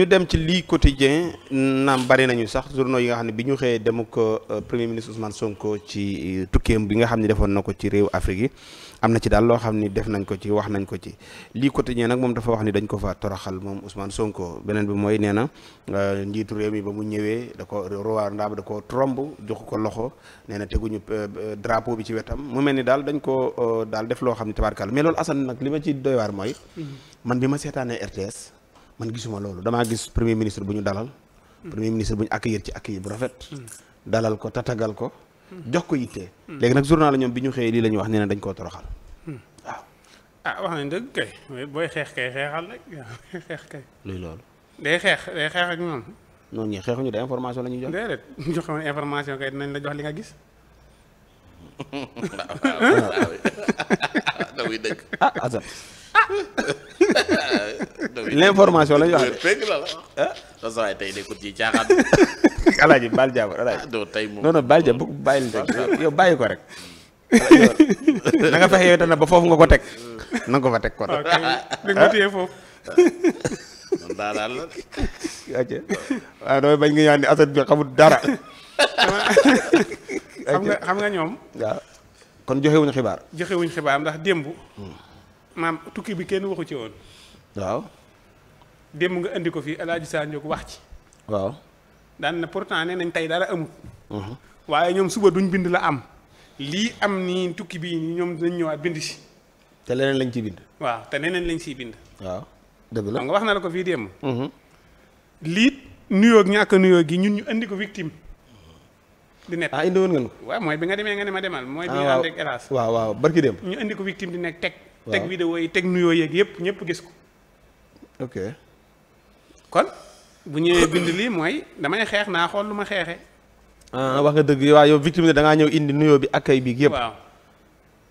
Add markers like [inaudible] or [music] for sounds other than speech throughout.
ñu dem ci lii quotidien naam bari nañu sax journaux yi nga xam ne bi ñu xëyee demu euh, ko premier ministre Ousmane Sonko ci euh, tukkeem bi nga xam ne defoon na ko ci réew Afrique yi am na ci daal loo xam ni def nañ ko ci wax nañ ko ci lii quotidien nag moom dafa wax ni dañ ko fa toroxal moom Ousmane Sonko beneen bi mooy nee na euh, njiitu réew mi ba mu ñëwee da ko Rwanda da ko tromb jox ko loxo nee na teguñu drapeau bi ci wetam mu mel ni daal dañ ko daal def loo xam ne tabaarkalla mais loolu Assane nag li ma ci doy waar mooy mm-hmm. man bi man gisuma loolu damaa gis premier ministre bu ñu dalal. premier ministre bu ñu accueillir ci accueil bu rafet. dalal ko tatagal ko. jox ko yitte. léegi nag journal la ñoom bi ñu xëyee lii la ñuy wax nee na dañ koo toroxal. waaw. ah wax nañ dëgg kay booy xeex kay xeexal rek [laughs] xeex kay. luy loolu. day xeex day xeex ak ñoom. noonu ñuy xeexuñu de information la ñuy jox. déedéet joxe [laughs] woon information kay dinañ la jox li nga gis. [laughs] Ah, l'information lañu wax de. tey de ko ci caaxaan. [laughs] baal jaamur alaaji. Ah, doo tey moom non bàyyi rek yow bàyyi ko rek. na nga fexe yow itam ba foofu nga ko teg. na ko fa teg kon. ok ah, dégg nga téye foofu. [laughs] [laughs] waaw damay bañ nga ni asset bi xamul dara. xam nga ñoom. waaw kon joxewuñu xibaar. joxewuñ xibaar ndax démb. Hmm. maam tukki bi kenn waxu ci woon. waaw. démb nga indi ko fii El Hadj Sa Ndiogou wax ci. waaw daan na pourtant nee nañ tey dara amul. Uh-huh. waaye ñoom suba duñ bind la am. lii am nii tukki bii nii ñoom dañ ñëwaat bind si. te leneen lañ ciy bind. waaw te leneen lañ ciy bind. waaw dëgg wax na la ko fii démb. Uh-huh. liit nuyoo ñàkk nuyoo gi ñun ñu indi ko victime. di ah, woon ngeen ko. mooy bi nga demee nga ne ma demal. mooy bi ñu ànd ak waaw waaw barki démb. ñu indi ko victime di nekk teg. teg vidéo yi teg nuyoo yeeg yëpp ñëpp gis ko. kon bu ñëwee bind lii mooy damay xeex naa xool lu ma xeexee. Ah, wax nga dëgg waaw yow victime bi da ngaa ñëw indi nuyoo bi accueil bi yëpp. waaw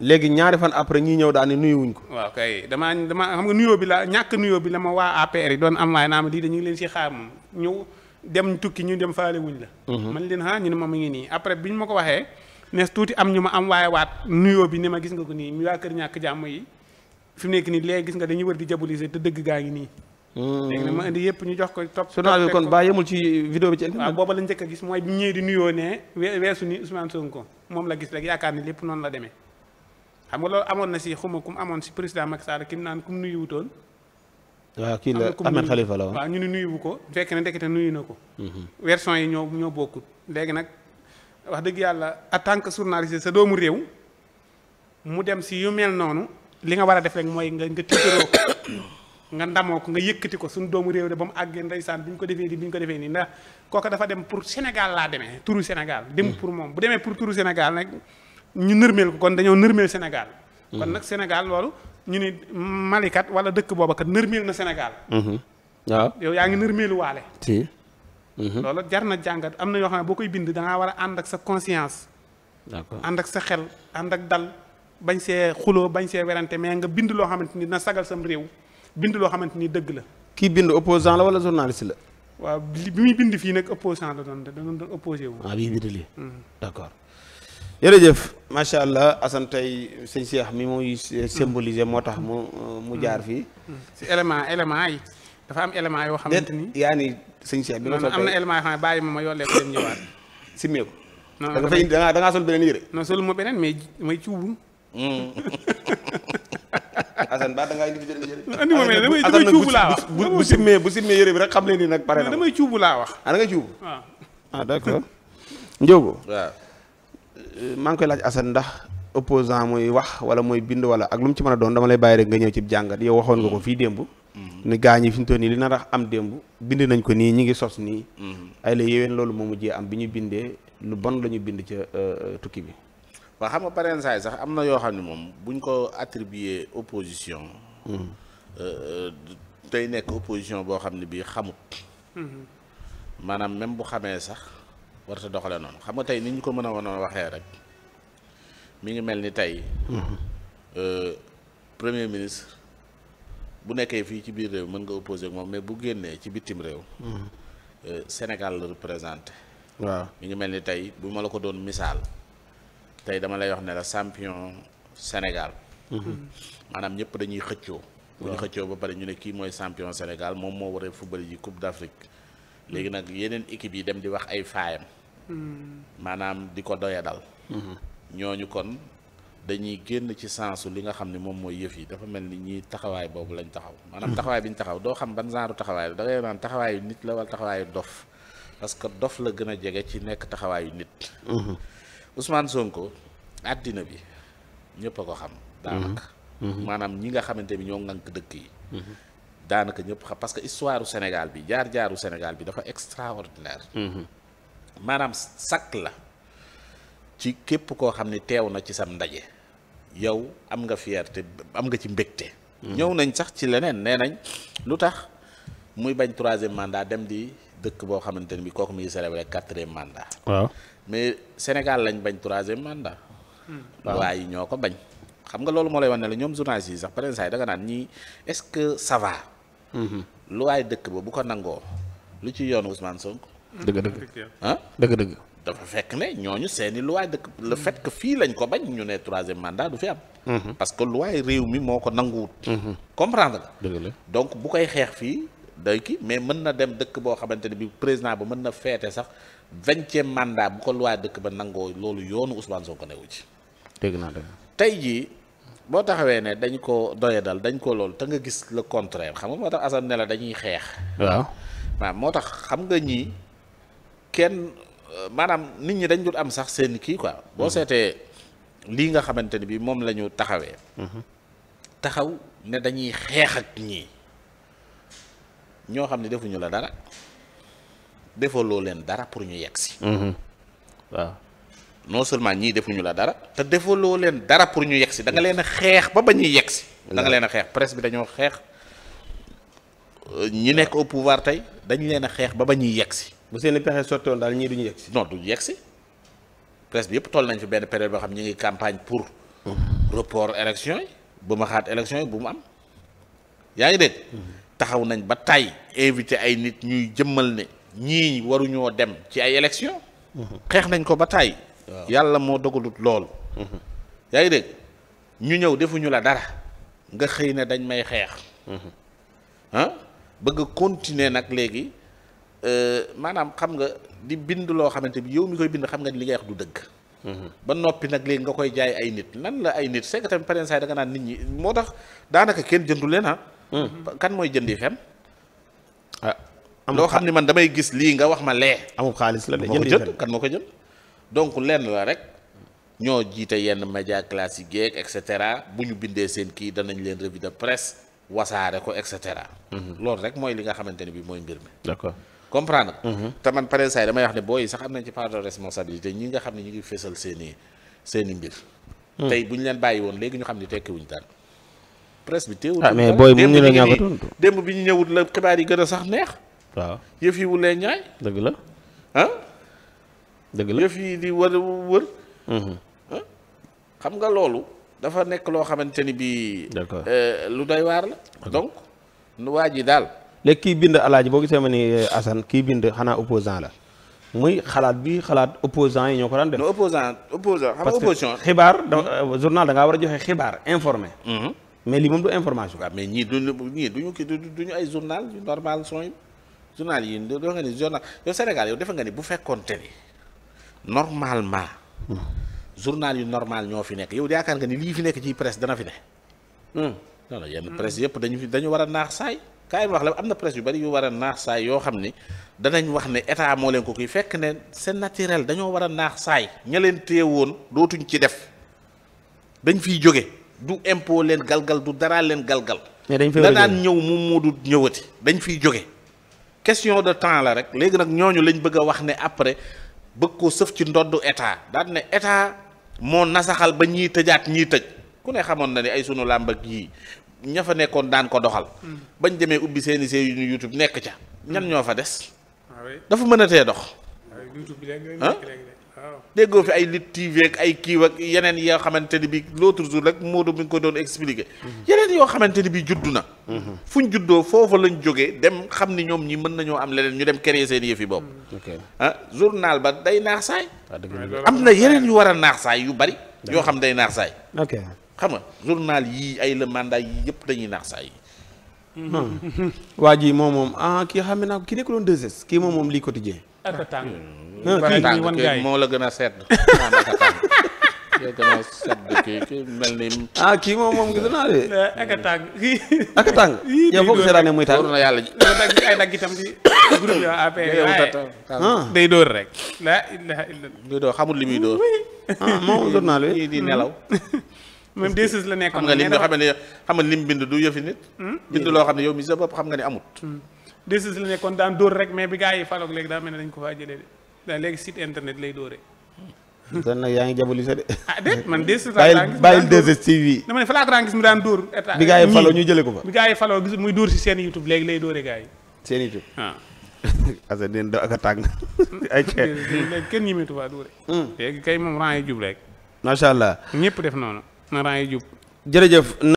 léegi ñaari fan après ñi ñëw daal ne nuyuwuñ ko. waaw kay damaa damaa xam nga nuyoo bi la ñàkk nuyoo bi la ma waa APR doon am waaye naa ma lii leen si xaar moom ñu dem tukki ñu dem faale la. Mhm. man leen ah ñu ne ma mu ngi nii après bi ñu ma ko waxee. nees tuuti am ñu ma am waaye waat nuyoo bi ni ma gis nga ko nii mi waa kër ñàkk jàmm yi fi mu nekk nii léegi gis nga dañuy wër di jabolise te dëgg gaa ngi nii léegi nag ma indi yëpp ñu jox ko topp journal bi kon baa yemul ci vidéo bi ci waaw booba la njëkk a gis mooy bi ñëwee di nuyoo ne weesu ni Ousmane ko moom la gis rek yaakaar ni lépp noonu la demee xam nga loolu amoon na si xuma kum amoon si président Macky Sall ki mu naan kum nuyuwutoon waaw kii la Ahmed Khalifa la waaw ñu ne nuyuwu ko fekk na ndekete nuyu na ko mhm. version yi ñoo ñoo bokkut léegi nag wax dëgg yàlla en tant que journaliste sa doomu réew mu dem si yu mel noonu li nga war a def rek mooy nga nga tiitaroo nga ndamoo ko nga yëkkati ko suñu doomu réew de ba mu àggee ndeysaan bi ñu ko defee nii bi ñu ko defee nii ndax kooku dafa dem pour Sénégal laa demee turu Sénégal dem hmm. pour moom bu demee pour turu Sénégal nag ñu nërmeel ko kon dañoo nërmeel Sénégal hmm. kon nag Sénégal loolu ñu ne malikat wala dëkk booba kat nërmeel na Sénégal hmm. waaw yow yaa ngi nërmeelu waale si loolu jar na jàngat am na yoo xam ne boo koy bind dangaa war a ànd ak sa conscience d'accord ànd ak sa xel ànd ak dal bañ see xuloo bañ see werante mais nga bind loo xamante ni na sagal sam réew bind loo xamante ni dëgg la. kii bind opposant la wala journaliste la. waaw bi muy bind fii nag opposant la doon da doon doon opposé wu. ah bii lii. Hmm. d'accord jërëjëf macha mi muy symboliser moo tax mu hmm. mu jaar fii. Hmm. si élément yi. dafa am élément yoo xamante ni yaa ni sëñ Cheikh bi ma am ma ma yollee [coughs] nga sol beneen yére. non solu ma beneen mais may ciwum. [laughs] Assane Ba da ngaa laa wax bu bu simmee bu bi rek xam leen ni nag pare na damay cuubu laa wax. ah da nga cuubu. waaw ah maa ngi koy laaj Assane ndax opposant mooy wax wala mooy bind wala ak lu mu ci mën a doon dama lay bàyyi rek nga ñëw ci jàngat yow waxoon nga ko fii démb. Mm-hmm. ni gaa ñi fi ñu toll nii li nar a am démb bind nañ ko nii ñu ngi sos nii. Mm-hmm. ay la yéwén loolu moo mujjee am bi ñu bindee lu bon lañu bind ca euh, tukki bi waa xam nga parrainage sax am na yoo xam ne moom bu ñu ko attribuer opposition. tey hmm. euh, euh, nekk opposition boo xam ne bii xamut. Hmm. maanaam même bu xamee sax warta doxalee noonu xam nga tey ni ñu ko mën a woon waxee rek mi ngi mel ni tey. Hmm. Euh, premier ministre bu nekkee fii ci biir réew mën nga opposé moom mais bu génnee ci bitim réew. Sénégal la représenté. waaw mi ngi mel ni tey bu ma la ko doon misaal. tey dama lay wax ne la champion Sénégal. Mhm. maanaam ñëpp dañuy xëccoo. bu ñu xëccoo ba pare ñu ne kii mooy champion Sénégal moom moo waree football ji Coupe d'Afrique léegi nag yeneen équipe yi dem di wax ay faayam. Hmm. maanaam di ko doya dal. Mhm. ñooñu kon dañuy génn ci sensu li nga xam ne moom mooy yëf yi dafa mel ni ñi taxawaay boobu lañ taxaw. maanaam mhm. taxawaay bi ñu taxaw doo xam ban genre taxawaay la da ngay naan taxawaayu nit la wala taxawaayu dof parce que dof la gën a jege ci nekk taxawaayu nit. Ousmane Sonko àddina bi ñëpp a ko xam. daanaka. Mhm. maanaam ñi nga xamante ni ñoo ŋànk dëkk yi. Mhm. daanaka ñëpp xam parce que histoire Sénégal bi jaar jaaru Sénégal bi dafa extraordinaire. Mhm. maanaam sakk la ci képp koo xam ne teew na ci sam ndaje. yow am nga fierté am nga ci mbégte. ñëw nañ sax ci leneen nee nañ lu tax muy bañ troisième mandat dem di. dëkk boo xamante ne bi kooku mi ngi célébré quatrième mandat. waaw mais Sénégal lañ bañ troisième mandat. Hmm. waaw yi ñoo ko bañ. xam nga loolu moo lay wan ne la ñoom journaliste yi sax pare saa yi da nga naan ñii est-ce que ça hmm. lu waay dëkk ba bu ko nangoo lu ci yoon Ousmane Sonko. Hmm. dëgg dëgg ah dëgg dëgg. dafa fekk ne ñoo ñu seeni luwaay dëkk le fait fii lañ ko bañ ñu ne troisième mandat du fi am. parce que luwaay réew mi moo ko nanguwut. comprendre la donc bu koy xeex fii. day kii mais mën na dem dëkk boo xamante ne bi président ba mën na feete sax vingtième mandat bu ko luwaa dëkk ba nangoo loolu yoonu Ousmane Sonko newu ci. dégg naa dégg tey jii boo taxawee ne dañ ko doyadal dañ ko loolu te nga gis le contraire xam nga moo tax Assane ne la dañuy xeex. waaw waaw moo tax xam nga ñii kenn maanaam nit ñi dañ dul am sax seen kii quoi. boo mhm. seetee lii nga xamante ne bi moom la ñu taxawee. Mhm. taxaw ne dañuy xeex ak ñii. ñoo xam ne defuñu la dara defaloo leen dara pour ñu yegg si. Mhm. waaw non seulement ñii defuñu la dara te defaloo leen dara pour ñu yegg si da nga leen a xeex ba ba ñuy yegg si. da leen a xeex presse dañoo xeex ñi nekk au pouvoir tey dañu leen a xeex ba ba ñuy yegg si. bu seen pexe sottoon daal ñii duñu yegg si. non duñu yegg si presse bi yëpp toll nañ fi benn période boo xam ñu ngi campagne pour. report élection yi ba ma xaat élection yi bu mu am yaa ngi dégg. Mhm. taxaw nañ ba tàyyi invité ay nit ñuy jëmmal ne ñii waruñoo dem ci ay élection xeex nañ ko ba tàyyi yàlla moo dogalut lool yaa ngi ñu ñëw defuñu la dara nga xëy ne dañ may xeex ah bëgg a continuer nag léegi euh, maanaam xam nga di bind loo xamante bi yow mi koy bind xam nga li ngay wax du dëgg ba noppi nag léegi nga koy jaay ay nit lan la ay nit c'est que tamit parrainage da nga naan nit ñi moo tax daanaka kenn jëndu leen ah Mm. kan mooy jënd FM. ah loo xam ne man damay gis lii nga wax ma lee. amul xaalis la de jënd kan moo ko jënd donc lenn la rek ñoo jiite yenn média classique yeeg et cetera bu ñu bindee seen kii danañ leen revue de presse wasaare ko et cetera. Mm-hmm. loolu rek mooy li nga xamante ne bii mooy mbir mi. d'accord comprendre. Mm-hmm. te man pare saa yi damay wax ne booy sax am nañ ci part de responsabilité ñi nga xam ne ñu ngi fésal seen i seen i mbir. Mm. tey bu ñu leen bàyyi woon léegi ñu xam ne tekkiwuñ dara. presse bi teewul. ah mais a tontu démb bi ñu ñëwut la xibaar yi gën a sax neex. waaw yëf yi wulee ñaay. dëgg la ah. dëgg la yëf yi di wër wër. Mhm. Ah? xam nga loolu dafa nekk loo xamante ni bii. d'accord euh, lu day waar la. donc nu waa ji daal. léegi kii bind alaaji boo gisee ma ni euh, Assane kii bind xanaa opposant la muy xalaat bi xalaat opposant yi ñoo ko daan def. non opposant opposant xam nga xibaar euh, journal da ngaa war a joxe xibaar informé. Mhm. mais lii moom du information. waaw mais ñii duñu ñii duñu kii duñu ay journal yu normal son yi journal yi doo nga ni journal yow Sénégal yow defe nga ni bu fekkoon fekkoonte ni normalement. Hmm. journal yu normal ñoo fi nekk yow yaakaar nga ni lii fi nekk ci presse dana fi ne. Hmm. yenn hmm. presse yëpp dañu fi dañu war a naax saay kaay wax la am na presse yu bari yu war a naax saay yoo xam ni danañ wax ne état moo leen ko kii fekk ne c'est naturel dañoo war a naax saay ña leen téye woon dootuñ ci def dañ fiy jóge. du impôt leen galgal du dara leen galgal. mais dañ fay daan ñëw moom moo du ñëwati dañ fiy jóge question de temps la rek léegi nag ñooñu lañ bëgg a wax ne après bëgg koo sëf ci ndoddu état daan ne état moo nasaxal ba ñii tëjaat ñii tëj ku ne xamoon na ni ay sunu làmb ak yii ña fa nekkoon daan ko doxal. Hmm. bañ demee ubbi seeni seen YouTube nekk ca. ñan hmm. ñoo fa des. Ah dafa mën a tee dox. ah déggoo fi ay Lutte TV ak ay kii ak yeneen yoo xamante bi l'autre jour rek Modou mi ngi ko doon expliqué mhm. yeneen yoo xamante ni bi juddu na mhm. fu ñu juddoo foofa lañ jógee dem xam ni ñoom ñi mën nañoo am leneen ñu dem créer seen yëf yi bopp mhm. ah journal ba day naax saay ah, am na yeneen yu war a naax saay yu bari yoo xam day naax saay ok xam nga journal yii ay la mandat yii yëpp dañuy naax saay yi [laughs] waa ji moom moom ah kii xam ne naa ko kii nekk doon 2 kii moom moom lii ak tàng. la gën a sedd. yow [laughs] gën a sedd ah, kii moom moom gis naa de. ak tàng tàng yow foog seetaane muy tàng. ay dagg ah. day dóor rek. la ilaha muy dóor xamul li muy dóor. ah moom journal bi di nelaw. [laughs] même desis la nekkoon xam nga lim bind du yëfi nit. Hmm? bind loo xam ne yow mi sa xam nga ne amut. Hmm. desis la nekkoon daan dóor rek mais bi gaa yi faloog léegi daa mel ne dañ ko faa jëlee de daa léegi site internet lay dóore kon nag yaa ngi jaboli sa de ah déet man [laughs] desis bàyyil bàyyil 2STV dama ne falaatraa gis mu daan dóor état bi gaa yi faloo ñu jëlee ko fa bi gaa yi faloo gis muy dóor si seen YouTube léegi lay dóore gaa yi seen YouTube waaw ah. [laughs] parce que den da ak a tàng [laughs] ay léegi kenn ñimetu faa dóore hmm. léegi kay moom rang yi jub rek macha allah ñëpp def noonu na rang yi